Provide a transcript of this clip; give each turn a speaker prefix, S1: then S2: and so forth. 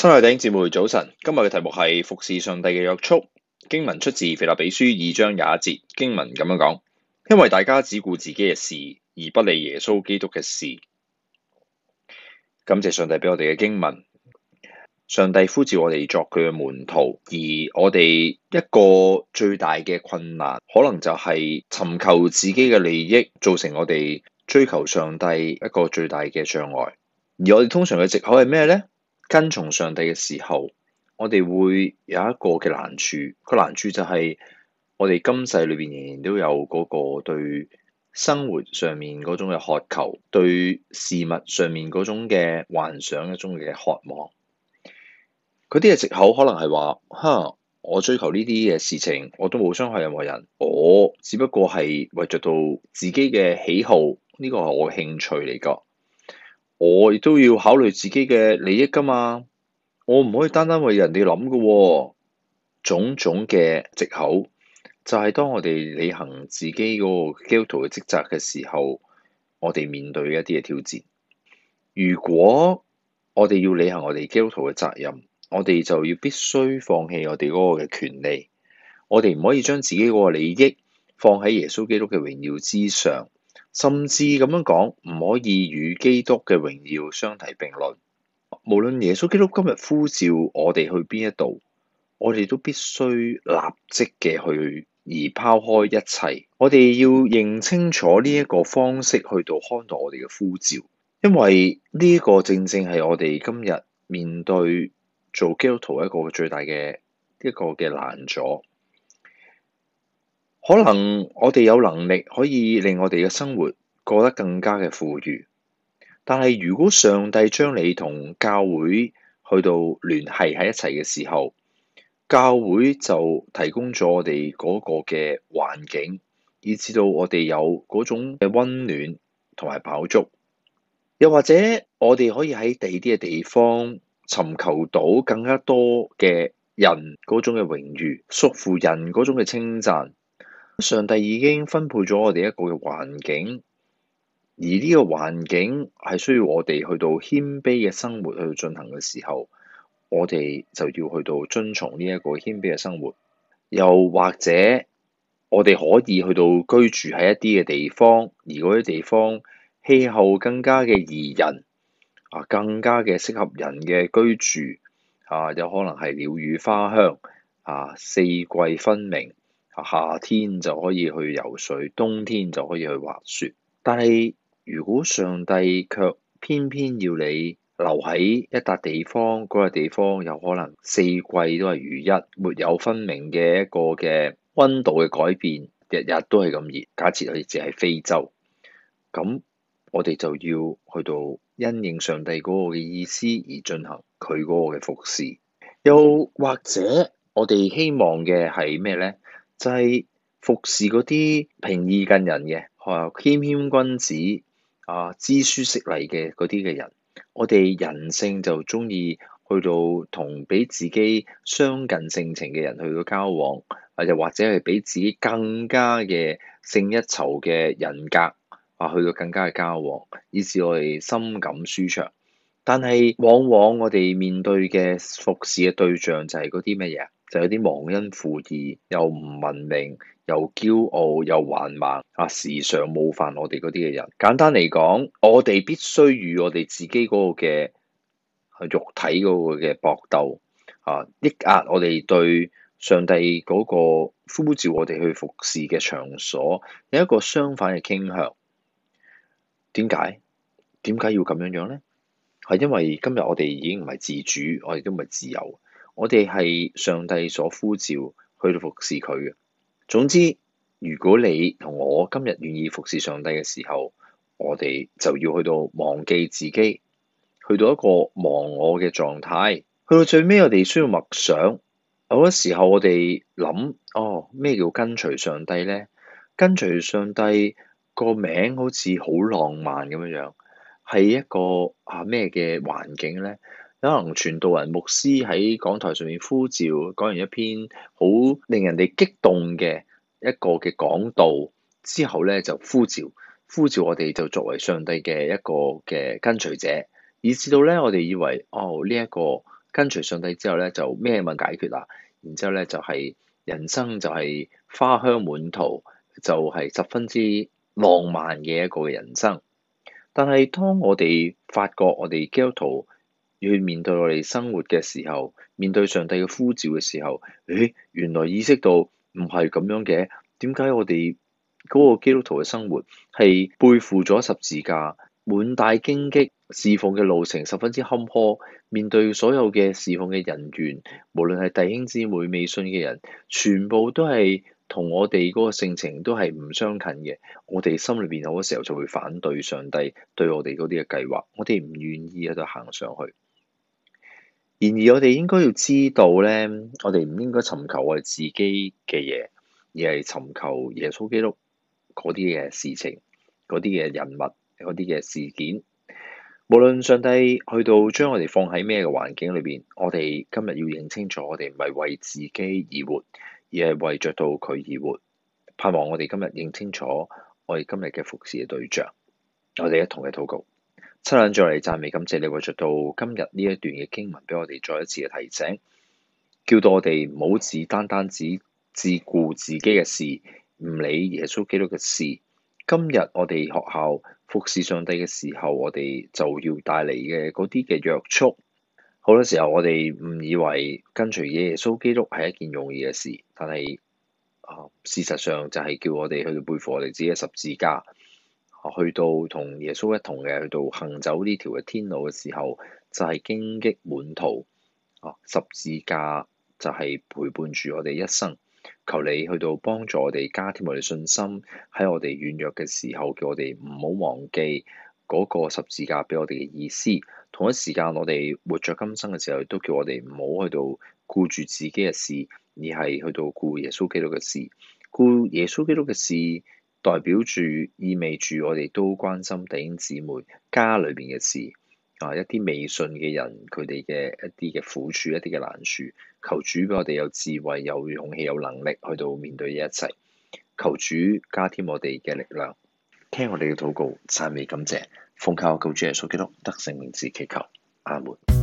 S1: 新愛頂節目，早晨。今日嘅題目係服事上帝嘅約束。經文出自腓立比書二章廿一節。經文咁樣講：因為大家只顧自己嘅事，而不理耶穌基督嘅事。感謝上帝俾我哋嘅經文，上帝呼召我哋作佢嘅門徒，而我哋一個最大嘅困難，可能就係尋求自己嘅利益，造成我哋追求上帝一個最大嘅障礙。而我哋通常嘅藉口係咩呢？跟從上帝嘅時候，我哋會有一個嘅難處。個難處就係我哋今世裏邊，仍然都有嗰個對生活上面嗰種嘅渴求，對事物上面嗰種嘅幻想，一種嘅渴望。佢啲嘅借口可能係話：哈，我追求呢啲嘅事情，我都冇傷害任何人，我只不過係為着到自己嘅喜好，呢個係我嘅興趣嚟㗎。我亦都要考慮自己嘅利益噶嘛，我唔可以單單為人哋諗噶。種種嘅藉口，就係當我哋履行自己嗰個基督徒嘅職責嘅時候，我哋面對一啲嘅挑戰。如果我哋要履行我哋基督徒嘅責任，我哋就要必須放棄我哋嗰個嘅權利。我哋唔可以將自己嗰個利益放喺耶穌基督嘅榮耀之上。甚至咁樣講，唔可以與基督嘅榮耀相提並論。無論耶穌基督今日呼召我哋去邊一度，我哋都必須立即嘅去而拋開一切。我哋要認清楚呢一個方式去到看待我哋嘅呼召，因為呢個正正係我哋今日面對做基督徒一個最大嘅一個嘅難阻。可能我哋有能力可以令我哋嘅生活過得更加嘅富裕，但係如果上帝將你同教會去到聯繫喺一齊嘅時候，教會就提供咗我哋嗰個嘅環境，以至到我哋有嗰種嘅溫暖同埋飽足，又或者我哋可以喺地啲嘅地方尋求到更加多嘅人嗰種嘅榮譽，束縛人嗰種嘅稱讚。上帝已經分配咗我哋一個嘅環境，而呢個環境係需要我哋去到謙卑嘅生活去進行嘅時候，我哋就要去到遵從呢一個謙卑嘅生活。又或者，我哋可以去到居住喺一啲嘅地方，而嗰啲地方氣候更加嘅宜人啊，更加嘅適合人嘅居住啊，有可能係鳥語花香啊，四季分明。夏天就可以去游水，冬天就可以去滑雪。但係如果上帝卻偏偏要你留喺一笪地方，嗰個地方有可能四季都係如一，沒有分明嘅一個嘅溫度嘅改變，日日都係咁熱。假設佢只係非洲，咁我哋就要去到因應上帝嗰個嘅意思而進行佢嗰個嘅服侍。又或者我哋希望嘅係咩咧？就係服侍嗰啲平易近人嘅，啊謙謙君子，啊知書識禮嘅嗰啲嘅人，我哋人性就中意去到同比自己相近性情嘅人去到交往，或者或者係比自己更加嘅勝一籌嘅人格，啊去到更加嘅交往，以至我哋深感舒暢。但係往往我哋面對嘅服侍嘅對象就係嗰啲乜嘢？就有啲忘恩負義，又唔文明，又驕傲，又橫蠻啊！時常冒犯我哋嗰啲嘅人。簡單嚟講，我哋必須與我哋自己嗰個嘅肉體嗰個嘅搏鬥啊，抑壓我哋對上帝嗰個呼召我哋去服侍嘅場所，有一個相反嘅傾向。點解？點解要咁樣樣咧？係因為今日我哋已經唔係自主，我哋都唔係自由。我哋係上帝所呼召去到服侍佢嘅。總之，如果你同我今日願意服侍上帝嘅時候，我哋就要去到忘記自己，去到一個忘我嘅狀態。去到最尾，我哋需要默想。有一時候我，我哋諗哦，咩叫跟隨上帝呢？跟隨上帝個名好似好浪漫咁樣樣，係一個啊咩嘅環境呢？可能傳道人、牧師喺講台上面呼召，講完一篇好令人哋激動嘅一個嘅講道之後咧，就呼召呼召我哋就作為上帝嘅一個嘅跟隨者，以至到咧我哋以為哦呢一、這個跟隨上帝之後咧就咩問題解決啦，然之後咧就係、是、人生就係花香滿途，就係、是、十分之浪漫嘅一個人生。但係當我哋發覺我哋基督徒要去面對我哋生活嘅時候，面對上帝嘅呼召嘅時候，誒，原來意識到唔係咁樣嘅，點解我哋嗰個基督徒嘅生活係背負咗十字架，滿帶荊棘侍奉嘅路程十分之坎坷，面對所有嘅侍奉嘅人員，無論係弟兄姊妹、未信嘅人，全部都係同我哋嗰個性情都係唔相近嘅，我哋心裏邊好多時候就會反對上帝對我哋嗰啲嘅計劃，我哋唔願意喺度行上去。然而我哋應該要知道咧，我哋唔應該尋求我哋自己嘅嘢，而係尋求耶穌基督嗰啲嘅事情、嗰啲嘅人物、嗰啲嘅事件。無論上帝去到將我哋放喺咩嘅環境裏邊，我哋今日要認清楚，我哋唔係為自己而活，而係為着到佢而活。盼望我哋今日認清楚，我哋今日嘅服事嘅對象。我哋一同嘅禱告。七眼再嚟讚美感謝你，活著到今日呢一段嘅經文，俾我哋再一次嘅提醒，叫到我哋唔好只單單只自、自顧自己嘅事，唔理耶穌基督嘅事。今日我哋學校服事上帝嘅時候，我哋就要帶嚟嘅嗰啲嘅約束。好多時候我哋誤以為跟隨耶穌基督係一件容易嘅事，但係、呃、事實上就係叫我哋去背負我哋自己嘅十字架。去到同耶穌一同嘅去到行走呢條嘅天路嘅時候，就係荊棘滿途。十字架就係陪伴住我哋一生。求你去到幫助我哋加添我哋信心，喺我哋軟弱嘅時候，叫我哋唔好忘記嗰個十字架俾我哋嘅意思。同一時間，我哋活著今生嘅時候，都叫我哋唔好去到顧住自己嘅事，而係去到顧耶穌基督嘅事。顧耶穌基督嘅事，代表住意味住，我哋都關心弟兄姊妹家裏邊嘅事啊，一啲未信嘅人佢哋嘅一啲嘅苦處，一啲嘅難處，求主俾我哋有智慧、有勇氣、有能力去到面對一切。求主加添我哋嘅力量，聽我哋嘅禱告，讚美感謝奉靠救主耶穌基督，得勝名字祈求，阿門。